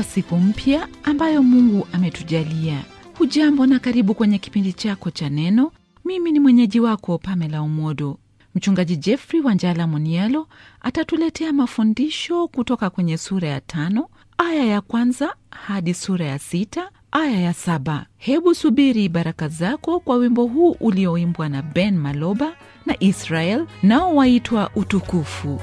kwa siku mpya ambayo Mungu ametujalia. Hujambo na karibu kwenye kipindi chako cha Neno. Mimi ni mwenyeji wako Pamela Umodo. Mchungaji Jeffrey Wanjala monialo atatuletea mafundisho kutoka kwenye sura ya tano aya ya kwanza hadi sura ya sita aya ya saba. Hebu subiri baraka zako kwa wimbo huu ulioimbwa na Ben Maloba na Israel, nao waitwa Utukufu.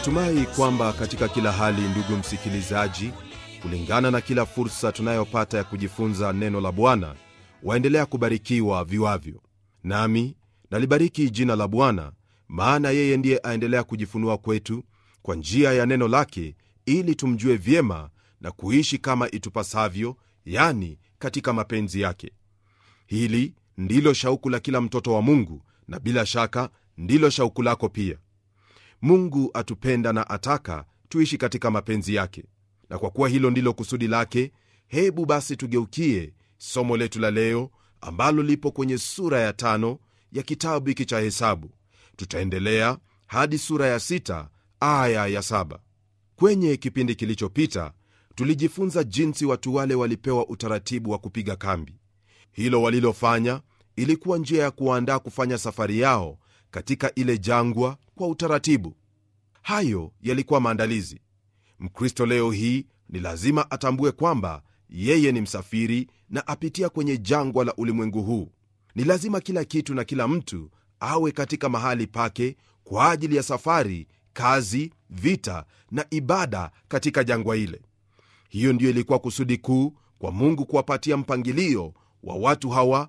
Natumai kwamba katika kila hali, ndugu msikilizaji, kulingana na kila fursa tunayopata ya kujifunza neno la Bwana, waendelea kubarikiwa viwavyo. Nami nalibariki jina la Bwana, maana yeye ndiye aendelea kujifunua kwetu kwa njia ya neno lake, ili tumjue vyema na kuishi kama itupasavyo, yani katika mapenzi yake. Hili ndilo shauku la kila mtoto wa Mungu, na bila shaka ndilo shauku lako pia. Mungu atupenda na ataka tuishi katika mapenzi yake, na kwa kuwa hilo ndilo kusudi lake, hebu basi tugeukie somo letu la leo ambalo lipo kwenye sura ya tano ya kitabu hiki cha Hesabu. Tutaendelea hadi sura ya sita aya ya saba. Kwenye kipindi kilichopita tulijifunza jinsi watu wale walipewa utaratibu wa kupiga kambi. Hilo walilofanya ilikuwa njia ya kuwaandaa kufanya safari yao katika ile jangwa kwa utaratibu. Hayo yalikuwa maandalizi. Mkristo leo hii ni lazima atambue kwamba yeye ni msafiri na apitia kwenye jangwa la ulimwengu huu. Ni lazima kila kitu na kila mtu awe katika mahali pake kwa ajili ya safari, kazi, vita na ibada katika jangwa ile. Hiyo ndiyo ilikuwa kusudi kuu kwa Mungu kuwapatia mpangilio wa watu hawa,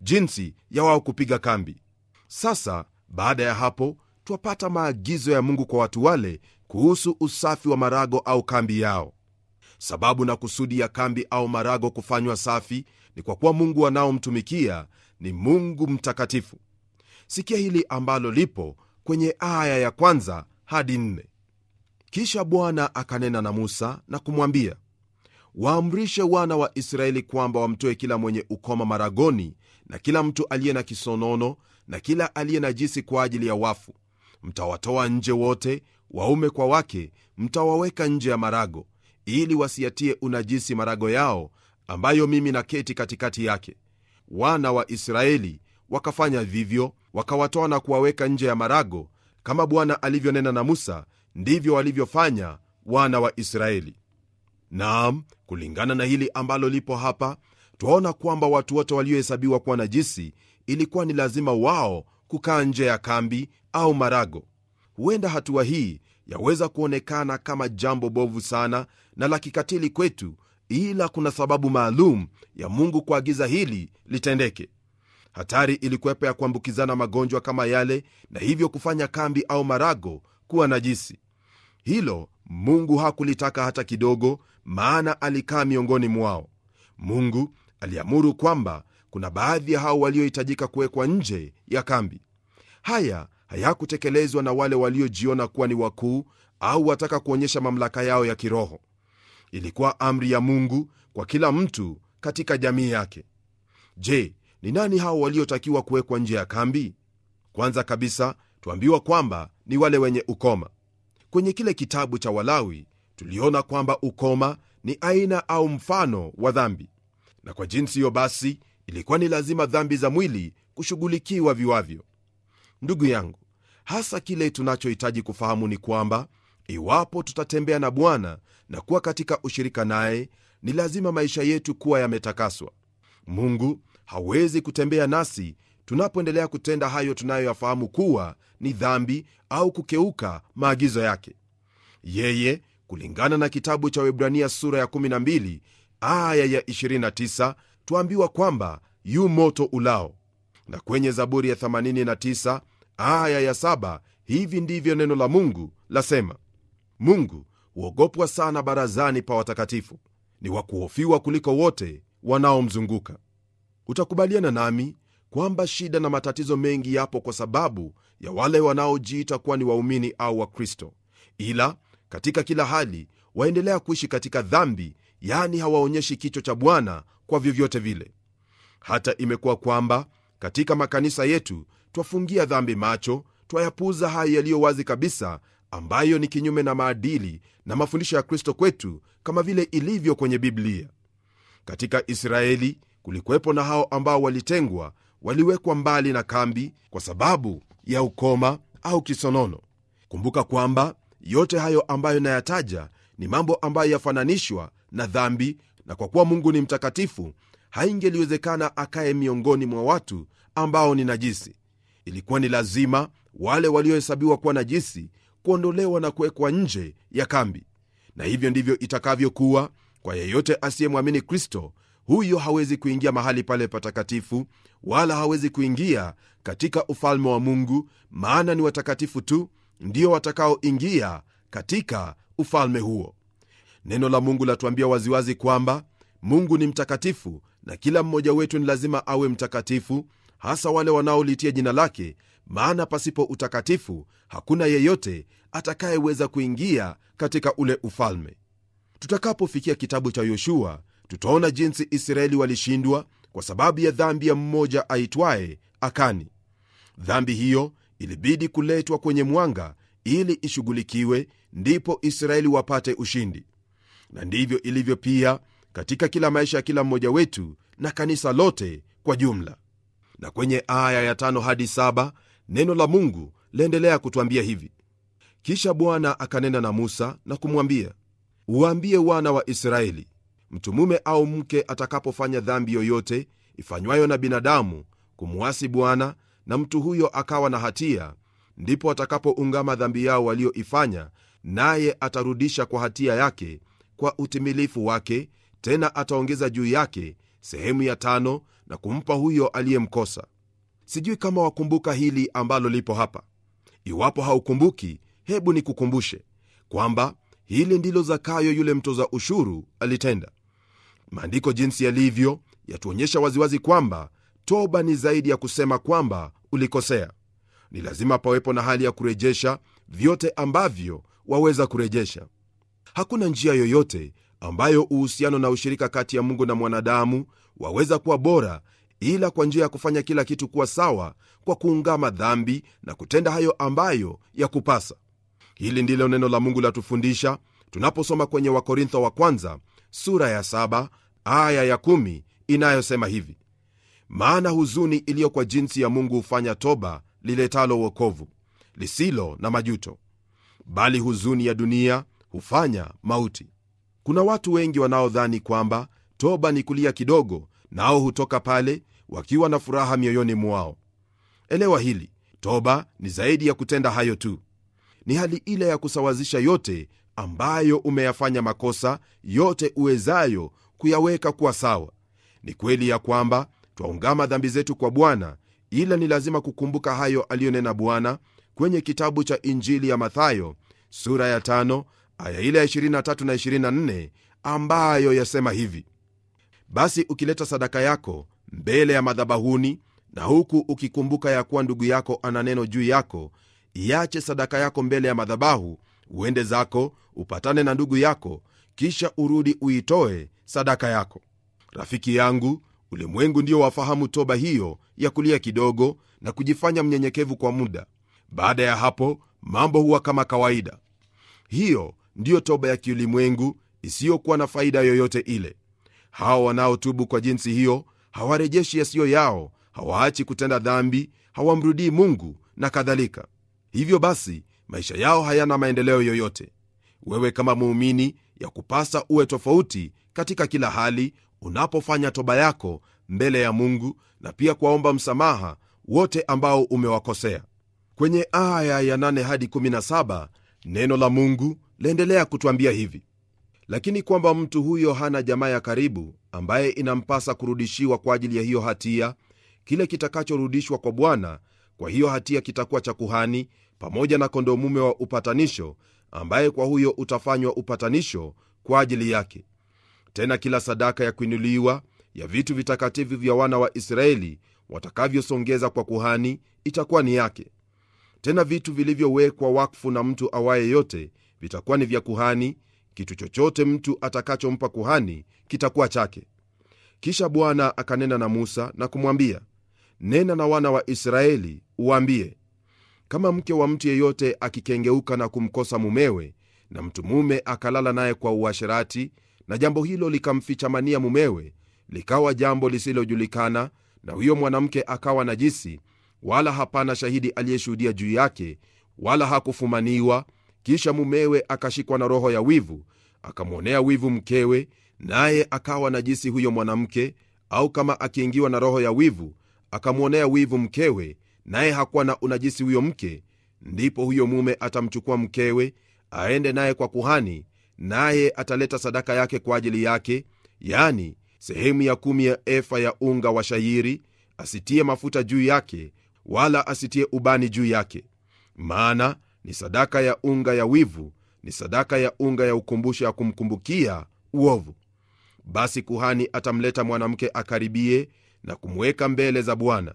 jinsi ya wao kupiga kambi. Sasa baada ya hapo twapata maagizo ya mungu kwa watu wale kuhusu usafi wa marago au kambi yao sababu na kusudi ya kambi au marago kufanywa safi ni kwa kuwa mungu wanaomtumikia ni mungu mtakatifu sikia hili ambalo lipo kwenye aya ya kwanza hadi nne kisha bwana akanena na musa na kumwambia waamrishe wana wa israeli kwamba wamtoe kila mwenye ukoma maragoni na kila mtu aliye na kisonono na kila aliye najisi kwa ajili ya wafu. Mtawatoa nje wote, waume kwa wake, mtawaweka nje ya marago, ili wasiatie unajisi marago yao, ambayo mimi naketi katikati yake. Wana wa Israeli wakafanya vivyo, wakawatoa na kuwaweka nje ya marago, kama Bwana alivyonena na Musa, ndivyo walivyofanya wana wa Israeli. nam kulingana na hili ambalo lipo hapa, twaona kwamba watu wote waliohesabiwa kuwa najisi ilikuwa ni lazima wao kukaa nje ya kambi au marago. Huenda hatua hii yaweza kuonekana kama jambo bovu sana na la kikatili kwetu, ila kuna sababu maalum ya Mungu kuagiza hili litendeke. Hatari ilikuwepo ya kuambukizana magonjwa kama yale, na hivyo kufanya kambi au marago kuwa najisi. Hilo Mungu hakulitaka hata kidogo, maana alikaa miongoni mwao. Mungu aliamuru kwamba kuna baadhi ya hao waliohitajika kuwekwa nje ya kambi. Haya hayakutekelezwa na wale waliojiona kuwa ni wakuu au wataka kuonyesha mamlaka yao ya kiroho. Ilikuwa amri ya Mungu kwa kila mtu katika jamii yake. Je, ni nani hao waliotakiwa kuwekwa nje ya kambi? Kwanza kabisa tuambiwa kwamba ni wale wenye ukoma. Kwenye kile kitabu cha Walawi tuliona kwamba ukoma ni aina au mfano wa dhambi, na kwa jinsi hiyo basi ilikuwa ni lazima dhambi za mwili kushughulikiwa viwavyo. Ndugu yangu, hasa kile tunachohitaji kufahamu ni kwamba iwapo tutatembea na Bwana na kuwa katika ushirika naye, ni lazima maisha yetu kuwa yametakaswa. Mungu hawezi kutembea nasi tunapoendelea kutenda hayo tunayoyafahamu kuwa ni dhambi au kukeuka maagizo yake. Yeye kulingana na kitabu cha webrania sura ya 12 aya ya 29 twaambiwa kwamba yu moto ulao. Na kwenye Zaburi ya 89 aya ya 7 hivi ndivyo neno la Mungu lasema: Mungu huogopwa sana barazani pa watakatifu, ni wakuhofiwa kuliko wote wanaomzunguka. Utakubaliana nami kwamba shida na matatizo mengi yapo kwa sababu ya wale wanaojiita kuwa ni waumini au Wakristo, ila katika kila hali waendelea kuishi katika dhambi, yani hawaonyeshi kicho cha Bwana kwa vyovyote vile. Hata imekuwa kwamba katika makanisa yetu twafungia dhambi macho, twayapuuza haya yaliyo wazi kabisa, ambayo ni kinyume na maadili na mafundisho ya Kristo kwetu kama vile ilivyo kwenye Biblia. Katika Israeli kulikuwepo na hao ambao walitengwa, waliwekwa mbali na kambi kwa sababu ya ukoma au kisonono. Kumbuka kwamba yote hayo ambayo nayataja ni mambo ambayo yafananishwa na dhambi na kwa kuwa Mungu ni mtakatifu, haingeliwezekana akaye miongoni mwa watu ambao ni najisi. Ilikuwa ni lazima wale waliohesabiwa kuwa najisi kuondolewa na kuwekwa nje ya kambi, na hivyo ndivyo itakavyokuwa kwa yeyote asiyemwamini Kristo. Huyo hawezi kuingia mahali pale patakatifu, wala hawezi kuingia katika ufalme wa Mungu, maana ni watakatifu tu ndio watakaoingia katika ufalme huo. Neno la Mungu latuambia waziwazi kwamba Mungu ni mtakatifu na kila mmoja wetu ni lazima awe mtakatifu, hasa wale wanaolitia jina lake, maana pasipo utakatifu hakuna yeyote atakayeweza kuingia katika ule ufalme. Tutakapofikia kitabu cha Yoshua tutaona jinsi Israeli walishindwa kwa sababu ya dhambi ya mmoja aitwaye Akani. Dhambi hiyo ilibidi kuletwa kwenye mwanga ili ishughulikiwe, ndipo Israeli wapate ushindi na ndivyo ilivyo pia katika kila maisha ya kila mmoja wetu na kanisa lote kwa jumla na kwenye aya ya tano hadi saba neno la mungu laendelea kutwambia hivi kisha bwana akanena na musa na kumwambia uwaambie wana wa israeli mtu mume au mke atakapofanya dhambi yoyote ifanywayo na binadamu kumuasi bwana na mtu huyo akawa na hatia ndipo atakapoungama dhambi yao walioifanya naye atarudisha kwa hatia yake kwa utimilifu wake, tena ataongeza juu yake sehemu ya tano na kumpa huyo aliyemkosa. Sijui kama wakumbuka hili ambalo lipo hapa. Iwapo haukumbuki, hebu nikukumbushe kwamba hili ndilo Zakayo yule mtoza ushuru alitenda. Maandiko jinsi yalivyo yatuonyesha waziwazi kwamba toba ni zaidi ya kusema kwamba ulikosea. Ni lazima pawepo na hali ya kurejesha vyote ambavyo waweza kurejesha hakuna njia yoyote ambayo uhusiano na ushirika kati ya mungu na mwanadamu waweza kuwa bora ila kwa njia ya kufanya kila kitu kuwa sawa kwa kuungama dhambi na kutenda hayo ambayo ya kupasa hili ndilo neno la mungu latufundisha tunaposoma kwenye wakorintho wa kwanza sura ya saba aya ya kumi inayosema hivi maana huzuni iliyo kwa jinsi ya mungu hufanya toba liletalo uokovu lisilo na majuto bali huzuni ya dunia hufanya mauti. Kuna watu wengi wanaodhani kwamba toba ni kulia kidogo, nao hutoka pale wakiwa na furaha mioyoni mwao. Elewa hili, toba ni zaidi ya kutenda hayo tu. Ni hali ile ya kusawazisha yote ambayo umeyafanya makosa, yote uwezayo kuyaweka kuwa sawa. Ni kweli ya kwamba twaungama dhambi zetu kwa Bwana, ila ni lazima kukumbuka hayo aliyonena Bwana kwenye kitabu cha Injili ya Mathayo sura ya tano aya ile ya 23 na 24 ambayo yasema hivi basi ukileta sadaka yako mbele ya madhabahuni na huku ukikumbuka ya kuwa ndugu yako ana neno juu yako iache sadaka yako mbele ya madhabahu uende zako upatane na ndugu yako kisha urudi uitoe sadaka yako rafiki yangu ulimwengu ndio wafahamu toba hiyo ya kulia kidogo na kujifanya mnyenyekevu kwa muda baada ya hapo mambo huwa kama kawaida hiyo ndiyo toba ya kiulimwengu isiyokuwa na faida yoyote ile. hawa wanaotubu kwa jinsi hiyo hawarejeshi yasiyo yao, hawaachi kutenda dhambi, hawamrudii Mungu na kadhalika. Hivyo basi maisha yao hayana maendeleo yoyote. Wewe kama muumini, ya kupasa uwe tofauti katika kila hali unapofanya toba yako mbele ya Mungu na pia kuwaomba msamaha wote ambao umewakosea. Kwenye aya ya 8 hadi 17 neno la Mungu laendelea kutwambia hivi lakini kwamba mtu huyo hana jamaa ya karibu ambaye inampasa kurudishiwa kwa ajili ya hiyo hatia kile kitakachorudishwa kwa bwana kwa hiyo hatia kitakuwa cha kuhani pamoja na kondoo mume wa upatanisho ambaye kwa huyo utafanywa upatanisho kwa ajili yake tena kila sadaka ya kuinuliwa ya vitu vitakatifu vya wana wa israeli watakavyosongeza kwa kuhani itakuwa ni yake tena vitu vilivyowekwa wakfu na mtu awaye yote vitakuwa ni vya kuhani kitu chochote mtu atakachompa kuhani kitakuwa chake kisha bwana akanena na musa na kumwambia nena na wana wa israeli uwaambie kama mke wa mtu yeyote akikengeuka na kumkosa mumewe na mtu mume akalala naye kwa uasherati na jambo hilo likamfichamania mumewe likawa jambo lisilojulikana na huyo mwanamke akawa najisi wala hapana shahidi aliyeshuhudia juu yake wala hakufumaniwa kisha mumewe akashikwa na roho ya wivu, akamwonea wivu mkewe, naye akawa najisi huyo mwanamke, au kama akiingiwa na roho ya wivu akamwonea wivu mkewe, naye hakuwa na unajisi huyo mke, ndipo huyo mume atamchukua mkewe aende naye kwa kuhani, naye ataleta sadaka yake kwa ajili yake, yani sehemu ya kumi ya efa ya unga wa shayiri. Asitie mafuta juu yake, wala asitie ubani juu yake, maana ni sadaka ya unga ya wivu, ni sadaka ya unga ya ukumbusho ya kumkumbukia uovu. Basi kuhani atamleta mwanamke akaribie na kumweka mbele za Bwana.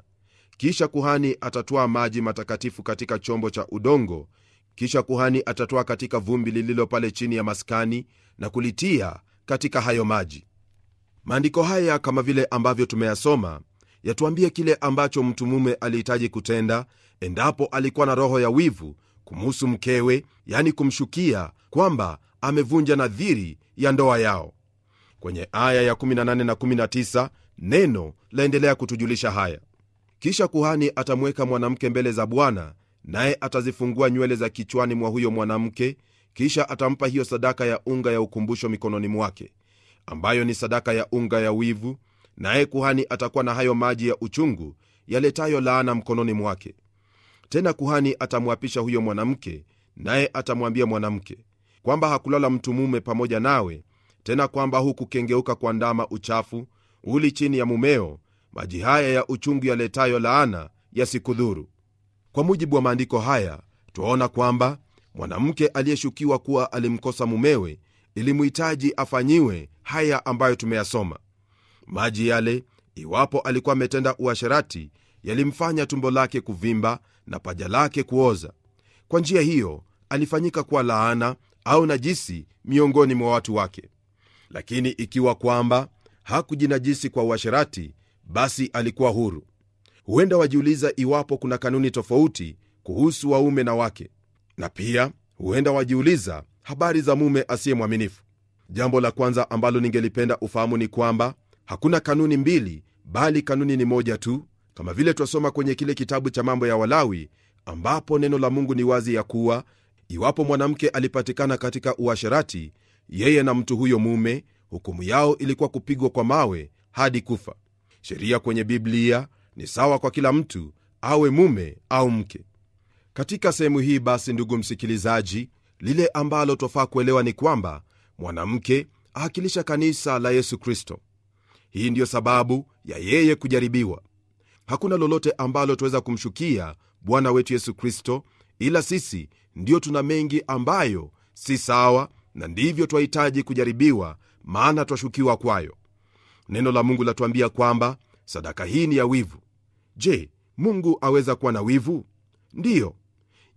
Kisha kuhani atatoa maji matakatifu katika chombo cha udongo, kisha kuhani atatoa katika vumbi lililo pale chini ya maskani na kulitia katika hayo maji. Maandiko haya kama vile ambavyo tumeyasoma yatuambie kile ambacho mtu mume alihitaji kutenda endapo alikuwa na roho ya wivu kumuhusu mkewe, yani kumshukia kwamba amevunja nadhiri ya ndoa yao. Kwenye aya ya 18 na 19 neno laendelea kutujulisha haya: kisha kuhani atamweka mwanamke mbele za Bwana, naye atazifungua nywele za kichwani mwa huyo mwanamke, kisha atampa hiyo sadaka ya unga ya ukumbusho mikononi mwake, ambayo ni sadaka ya unga ya wivu, naye kuhani atakuwa na hayo maji ya uchungu yaletayo laana mkononi mwake. Tena kuhani atamwapisha huyo mwanamke, naye atamwambia mwanamke kwamba hakulala mtu mume pamoja nawe, tena kwamba hukukengeuka kwa ndama uchafu uli chini ya mumeo, maji haya ya uchungu yaletayo laana yasikudhuru. Kwa mujibu wa maandiko haya, twaona kwamba mwanamke aliyeshukiwa kuwa alimkosa mumewe ilimhitaji afanyiwe haya ambayo tumeyasoma. Maji yale, iwapo alikuwa ametenda uasharati yalimfanya tumbo lake kuvimba na paja lake kuoza kwa njia hiyo alifanyika kuwa laana au najisi miongoni mwa watu wake lakini ikiwa kwamba hakujinajisi kwa uasharati basi alikuwa huru huenda wajiuliza iwapo kuna kanuni tofauti kuhusu waume na wake na pia huenda wajiuliza habari za mume asiye mwaminifu jambo la kwanza ambalo ningelipenda ufahamu ni kwamba hakuna kanuni mbili bali kanuni ni moja tu kama vile twasoma kwenye kile kitabu cha mambo ya Walawi, ambapo neno la Mungu ni wazi ya kuwa iwapo mwanamke alipatikana katika uasharati yeye na mtu huyo mume, hukumu yao ilikuwa kupigwa kwa mawe hadi kufa. Sheria kwenye Biblia ni sawa kwa kila mtu, awe mume au mke. Katika sehemu hii basi, ndugu msikilizaji, lile ambalo twafaa kuelewa ni kwamba mwanamke aakilisha kanisa la Yesu Kristo. Hii ndiyo sababu ya yeye kujaribiwa hakuna lolote ambalo tunaweza kumshukia bwana wetu yesu kristo ila sisi ndiyo tuna mengi ambayo si sawa na ndivyo twahitaji kujaribiwa maana twashukiwa kwayo neno la mungu latuambia kwamba sadaka hii ni ya wivu je mungu aweza kuwa na wivu ndiyo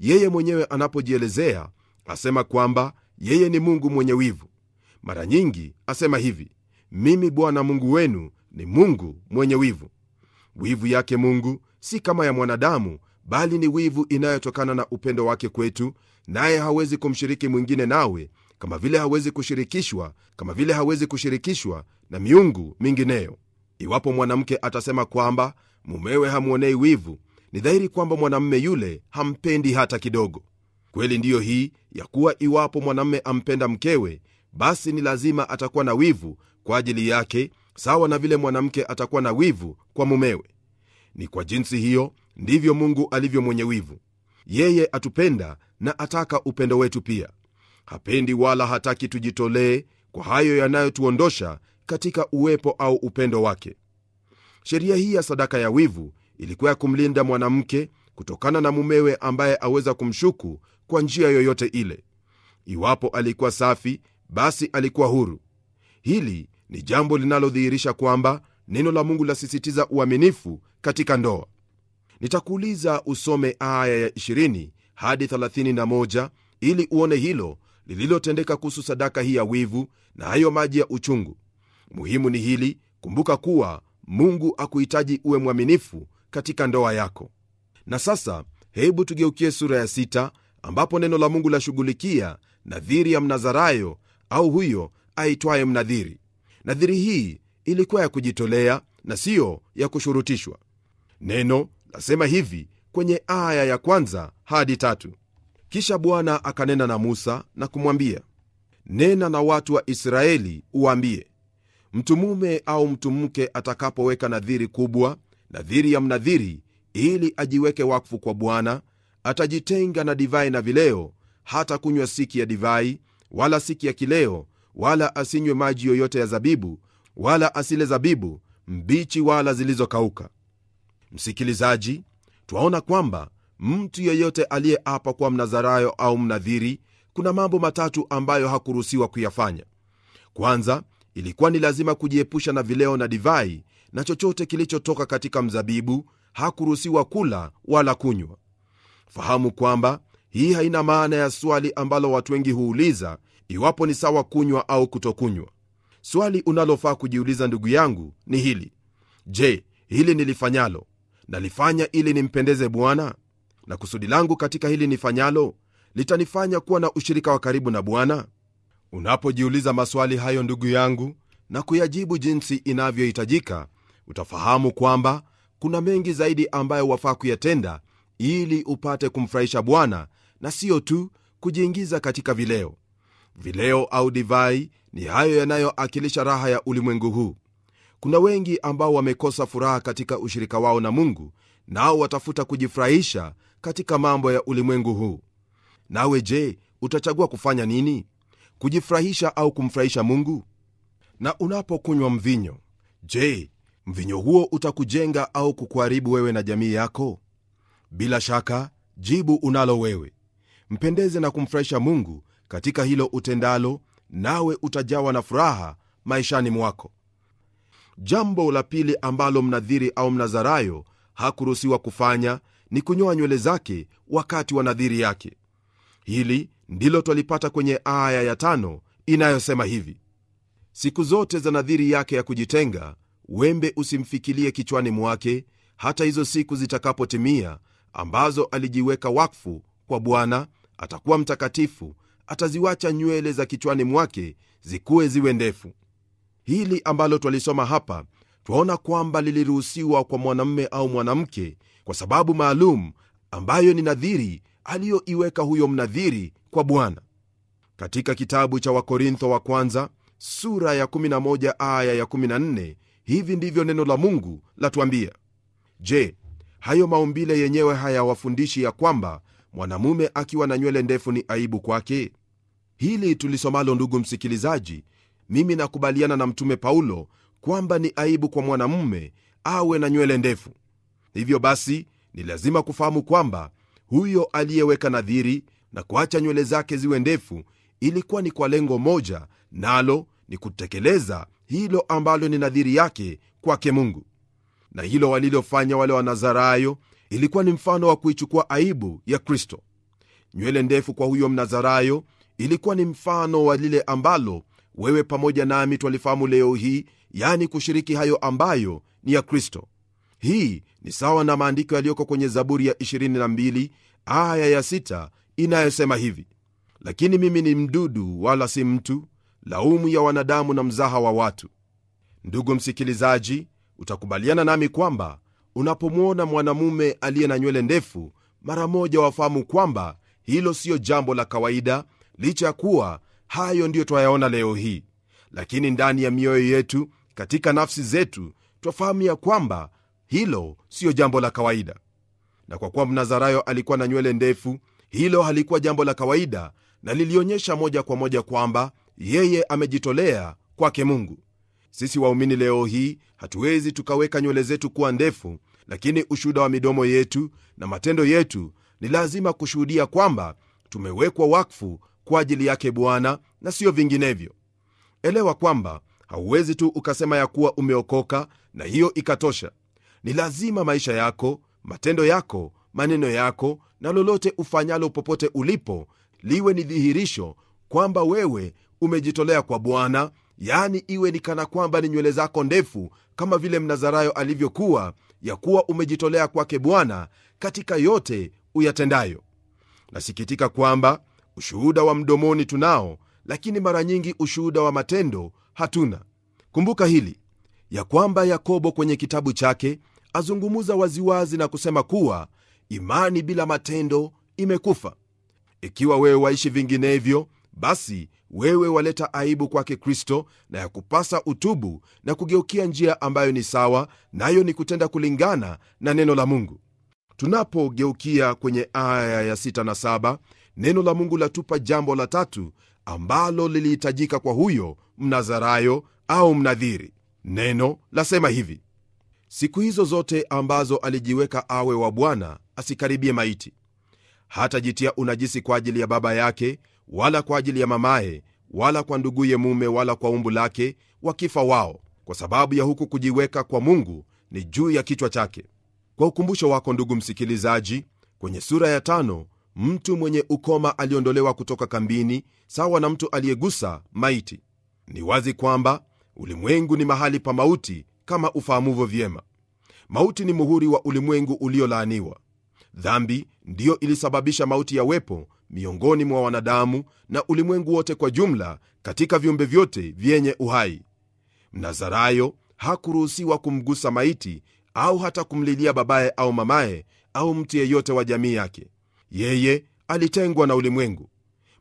yeye mwenyewe anapojielezea asema kwamba yeye ni mungu mwenye wivu mara nyingi asema hivi mimi bwana mungu wenu ni mungu mwenye wivu Wivu yake Mungu si kama ya mwanadamu, bali ni wivu inayotokana na upendo wake kwetu, naye hawezi kumshiriki mwingine nawe, kama vile hawezi kushirikishwa kama vile hawezi kushirikishwa na miungu mingineyo. Iwapo mwanamke atasema kwamba mumewe hamwonei wivu, ni dhahiri kwamba mwanamme yule hampendi hata kidogo. Kweli ndiyo hii ya kuwa iwapo mwanamme ampenda mkewe, basi ni lazima atakuwa na wivu kwa ajili yake sawa na vile mwanamke atakuwa na wivu kwa mumewe. Ni kwa jinsi hiyo ndivyo Mungu alivyo mwenye wivu. Yeye atupenda na ataka upendo wetu pia. Hapendi wala hataki tujitolee kwa hayo yanayotuondosha katika uwepo au upendo wake. Sheria hii ya sadaka ya wivu ilikuwa ya kumlinda mwanamke kutokana na mumewe ambaye aweza kumshuku kwa njia yoyote ile. Iwapo alikuwa safi, basi alikuwa huru. Hili ni jambo linalodhihirisha kwamba neno la Mungu lasisitiza uaminifu katika ndoa. Nitakuuliza usome aya ya 20 hadi 31 ili uone hilo lililotendeka kuhusu sadaka hii ya wivu na hayo maji ya uchungu. Muhimu ni hili, kumbuka kuwa Mungu akuhitaji uwe mwaminifu katika ndoa yako. Na sasa hebu tugeukie sura ya sita ambapo neno la Mungu lashughulikia nadhiri ya Mnazarayo au huyo aitwaye mnadhiri nadhiri hii ilikuwa ya kujitolea na siyo ya kushurutishwa neno lasema hivi kwenye aya ya kwanza hadi tatu kisha bwana akanena na musa na kumwambia nena na watu wa israeli uwaambie mtu mume au mtu mke atakapoweka nadhiri kubwa nadhiri ya mnadhiri ili ajiweke wakfu kwa bwana atajitenga na divai na vileo hata kunywa siki ya divai wala siki ya kileo wala asinywe maji yoyote ya zabibu, wala asile zabibu mbichi wala zilizokauka. Msikilizaji, twaona kwamba mtu yeyote aliyeapa kuwa mnazarayo au mnadhiri, kuna mambo matatu ambayo hakuruhusiwa kuyafanya. Kwanza, ilikuwa ni lazima kujiepusha na vileo na divai na chochote kilichotoka katika mzabibu, hakuruhusiwa kula wala kunywa. Fahamu kwamba hii haina maana ya swali ambalo watu wengi huuliza iwapo ni sawa kunywa au kutokunywa. Swali unalofaa kujiuliza ndugu yangu ni hili: je, hili nilifanyalo nalifanya ili nimpendeze Bwana? Na kusudi langu katika hili nifanyalo litanifanya kuwa na ushirika wa karibu na Bwana? Unapojiuliza maswali hayo ndugu yangu, na kuyajibu jinsi inavyohitajika, utafahamu kwamba kuna mengi zaidi ambayo wafaa kuyatenda ili upate kumfurahisha Bwana na siyo tu kujiingiza katika vileo vileo au divai ni hayo yanayoakilisha raha ya ulimwengu huu kuna wengi ambao wamekosa furaha katika ushirika wao na mungu nao watafuta kujifurahisha katika mambo ya ulimwengu huu nawe je utachagua kufanya nini kujifurahisha au kumfurahisha mungu na unapokunywa mvinyo je mvinyo huo utakujenga au kukuharibu wewe na jamii yako bila shaka jibu unalo wewe mpendeze na kumfurahisha mungu katika hilo utendalo, nawe utajawa na furaha maishani mwako. Jambo la pili ambalo mnadhiri au mnazarayo hakuruhusiwa kufanya ni kunyoa nywele zake wakati wa nadhiri yake. Hili ndilo twalipata kwenye aya ya tano inayosema hivi: siku zote za nadhiri yake ya kujitenga wembe usimfikilie kichwani mwake, hata hizo siku zitakapotimia, ambazo alijiweka wakfu kwa Bwana. Atakuwa mtakatifu, ataziwacha nywele za kichwani mwake zikuwe ziwe ndefu hili ambalo twalisoma hapa twaona kwamba liliruhusiwa kwa mwanamme au mwanamke kwa sababu maalum ambayo ni nadhiri aliyoiweka huyo mnadhiri kwa bwana katika kitabu cha wakorintho wa kwanza sura ya 11 aya ya 14 hivi ndivyo neno la mungu latwambia je hayo maumbile yenyewe hayawafundishi ya kwamba mwanamume akiwa na nywele ndefu ni aibu kwake Hili tulisomalo, ndugu msikilizaji, mimi nakubaliana na Mtume Paulo kwamba ni aibu kwa mwanamume awe na nywele ndefu. Hivyo basi ni lazima kufahamu kwamba huyo aliyeweka nadhiri na kuacha nywele zake ziwe ndefu ilikuwa ni kwa lengo moja, nalo ni kutekeleza hilo ambalo ni nadhiri yake kwake Mungu. Na hilo walilofanya wale Wanazarayo ilikuwa ni mfano wa kuichukua aibu ya Kristo. Nywele ndefu kwa huyo Mnazarayo ilikuwa ni mfano wa lile ambalo wewe pamoja nami twalifahamu leo hii yani kushiriki hayo ambayo ni ya kristo hii ni sawa na maandiko yaliyoko kwenye zaburi ya 22 aya ya 6 inayosema hivi lakini mimi ni mdudu wala si mtu laumu ya wanadamu na mzaha wa watu ndugu msikilizaji utakubaliana nami kwamba unapomwona mwanamume aliye na nywele ndefu mara moja wafahamu kwamba hilo siyo jambo la kawaida licha ya kuwa hayo ndiyo twayaona leo hii, lakini ndani ya mioyo yetu, katika nafsi zetu, twafahamu ya kwamba hilo siyo jambo la kawaida. Na kwa kuwa Mnazarayo alikuwa na nywele ndefu, hilo halikuwa jambo la kawaida, na lilionyesha moja kwa moja kwamba yeye amejitolea kwake Mungu. Sisi waumini leo hii hatuwezi tukaweka nywele zetu kuwa ndefu, lakini ushuhuda wa midomo yetu na matendo yetu ni lazima kushuhudia kwamba tumewekwa wakfu kwa ajili yake Bwana na siyo vinginevyo. Elewa kwamba hauwezi tu ukasema ya kuwa umeokoka na hiyo ikatosha. Ni lazima maisha yako, matendo yako, maneno yako na lolote ufanyalo popote ulipo liwe ni dhihirisho kwamba wewe umejitolea kwa Bwana, yaani iwe ni kana kwamba ni nywele zako ndefu, kama vile Mnazarayo alivyokuwa, ya kuwa umejitolea kwake Bwana katika yote uyatendayo. Nasikitika kwamba Ushuhuda wa mdomoni tunao, lakini mara nyingi ushuhuda wa matendo hatuna. Kumbuka hili ya kwamba Yakobo kwenye kitabu chake azungumza waziwazi na kusema kuwa imani bila matendo imekufa. Ikiwa wewe waishi vinginevyo, basi wewe waleta aibu kwake Kristo, na ya kupasa utubu na kugeukia njia ambayo ni sawa, nayo ni kutenda kulingana na neno la Mungu. Tunapogeukia kwenye aya ya sita na saba neno la Mungu latupa jambo la tatu ambalo lilihitajika kwa huyo mnazarayo au mnadhiri. Neno lasema hivi: siku hizo zote ambazo alijiweka awe wa Bwana asikaribie maiti, hata jitia unajisi kwa ajili ya baba yake wala kwa ajili ya mamaye wala kwa nduguye mume wala kwa umbu lake, wakifa wao, kwa sababu ya huku kujiweka kwa Mungu ni juu ya kichwa chake. Kwa ukumbusho wako, ndugu msikilizaji, kwenye sura ya tano mtu mwenye ukoma aliondolewa kutoka kambini sawa na mtu aliyegusa maiti. Ni wazi kwamba ulimwengu ni mahali pa mauti, kama ufahamuvyo vyema. Mauti ni muhuri wa ulimwengu uliolaaniwa. Dhambi ndiyo ilisababisha mauti yawepo miongoni mwa wanadamu na ulimwengu wote kwa jumla, katika viumbe vyote vyenye uhai. Mnazarayo hakuruhusiwa kumgusa maiti au hata kumlilia babaye au mamaye au mtu yeyote wa jamii yake. Yeye alitengwa na ulimwengu.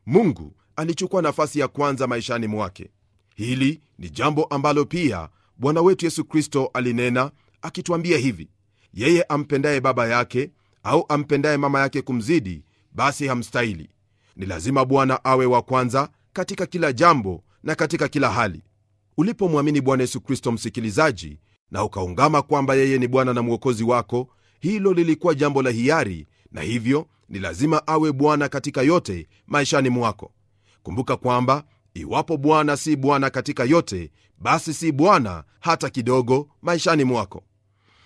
Mungu alichukua nafasi ya kwanza maishani mwake. Hili ni jambo ambalo pia Bwana wetu Yesu Kristo alinena akituambia hivi, yeye ampendaye baba yake au ampendaye mama yake kumzidi, basi hamstahili. Ni lazima Bwana awe wa kwanza katika kila jambo na katika kila hali. Ulipomwamini Bwana Yesu Kristo, msikilizaji, na ukaungama kwamba yeye ni Bwana na Mwokozi wako, hilo lilikuwa jambo la hiari, na hivyo ni lazima awe Bwana katika yote maishani mwako. Kumbuka kwamba iwapo Bwana si Bwana katika yote, basi si Bwana hata kidogo maishani mwako.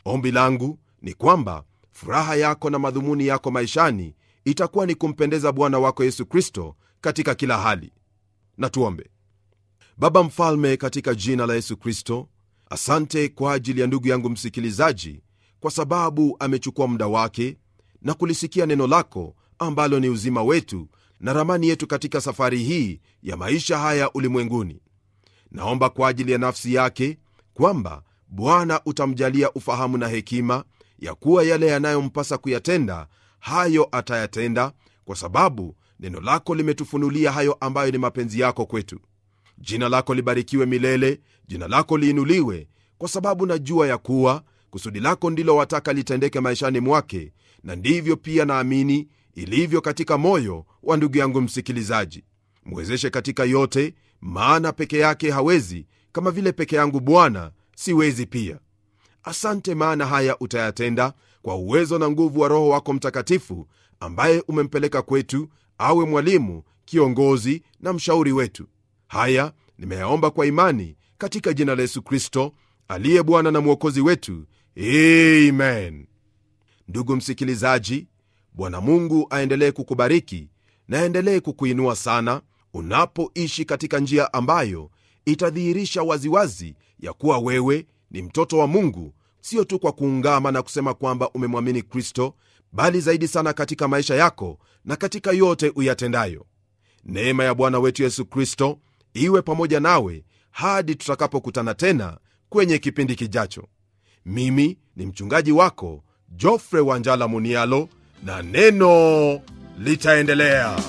Ombi langu ni kwamba furaha yako na madhumuni yako maishani itakuwa ni kumpendeza Bwana wako Yesu Kristo katika kila hali. Na tuombe. Baba Mfalme, katika jina la Yesu Kristo, asante kwa ajili ya ndugu yangu msikilizaji, kwa sababu amechukua muda wake na kulisikia neno lako ambalo ni uzima wetu na ramani yetu katika safari hii ya maisha haya ulimwenguni. Naomba kwa ajili ya nafsi yake kwamba Bwana utamjalia ufahamu na hekima ya kuwa yale yanayompasa kuyatenda hayo atayatenda, kwa sababu neno lako limetufunulia hayo ambayo ni mapenzi yako kwetu. Jina lako libarikiwe milele, jina lako liinuliwe, kwa sababu najua ya kuwa kusudi lako ndilo wataka litendeke maishani mwake na ndivyo pia naamini ilivyo katika moyo wa ndugu yangu msikilizaji mwezeshe katika yote maana peke yake hawezi kama vile peke yangu bwana siwezi pia asante maana haya utayatenda kwa uwezo na nguvu wa roho wako mtakatifu ambaye umempeleka kwetu awe mwalimu kiongozi na mshauri wetu haya nimeyaomba kwa imani katika jina la yesu kristo aliye bwana na mwokozi wetu Amen. Ndugu msikilizaji, Bwana Mungu aendelee kukubariki na aendelee kukuinua sana unapoishi katika njia ambayo itadhihirisha waziwazi ya kuwa wewe ni mtoto wa Mungu, sio tu kwa kuungama na kusema kwamba umemwamini Kristo, bali zaidi sana katika maisha yako na katika yote uyatendayo. Neema ya Bwana wetu Yesu Kristo iwe pamoja nawe hadi tutakapokutana tena kwenye kipindi kijacho. Mimi ni mchungaji wako Jofre Wanjala Munialo, na neno litaendelea.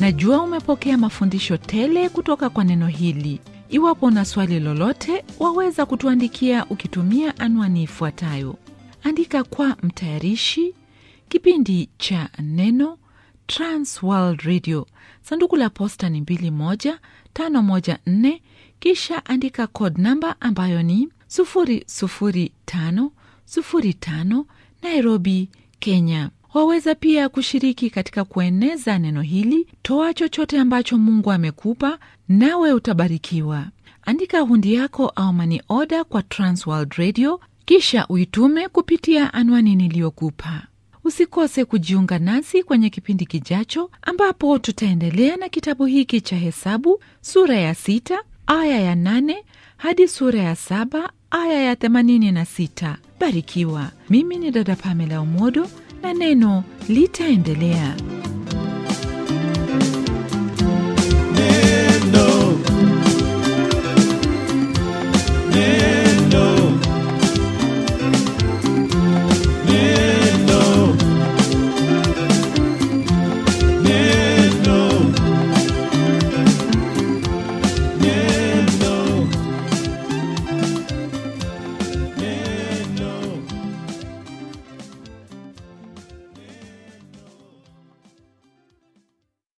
Najua umepokea mafundisho tele kutoka kwa neno hili. Iwapo na swali lolote, waweza kutuandikia ukitumia anwani ifuatayo: andika kwa mtayarishi kipindi cha Neno, Trans Radio, sanduku la posta ni 21514, kisha andika code namba ambayo ni 00505 Nairobi, Kenya. Waweza pia kushiriki katika kueneza neno hili. Toa chochote ambacho Mungu amekupa nawe utabarikiwa. Andika hundi yako au mani oda kwa Transworld Radio, kisha uitume kupitia anwani niliyokupa. Usikose kujiunga nasi kwenye kipindi kijacho, ambapo tutaendelea na kitabu hiki cha Hesabu sura ya sita aya ya nane hadi sura ya saba aya ya themanini na sita. Barikiwa. Mimi ni dada Pamela Umodo na neno litaendelea. Neno. Neno.